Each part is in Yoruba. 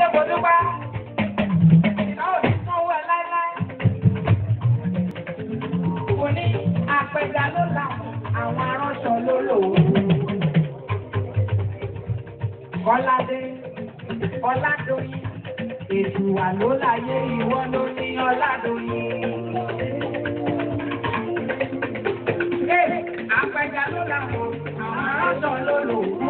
ṣe kò dúpẹ́. Ìgbà ò ní sanwó ẹ láéláé. Kò ní àpẹja ló là àwọn aránṣọ ló lò ó. Kọ́ládé, Ọládóyin, Èdùwà ló láyé ìwọ ló ní Ọládóyin. Àpẹja ló là àwọn aránṣọ ló lò ó.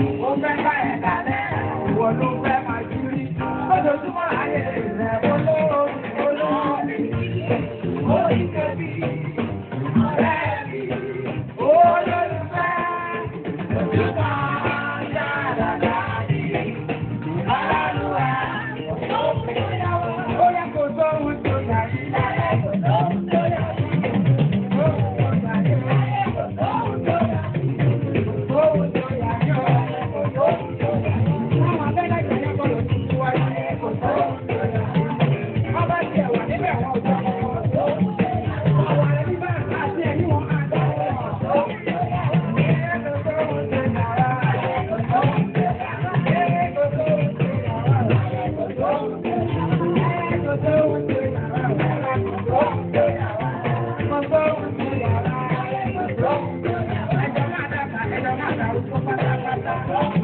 Ó fẹ́ bá ẹ̀ka náà, ìwọ ló fẹ́ máa jú rí. Lójoojúmọ́ ayé rẹ̀. Thank you.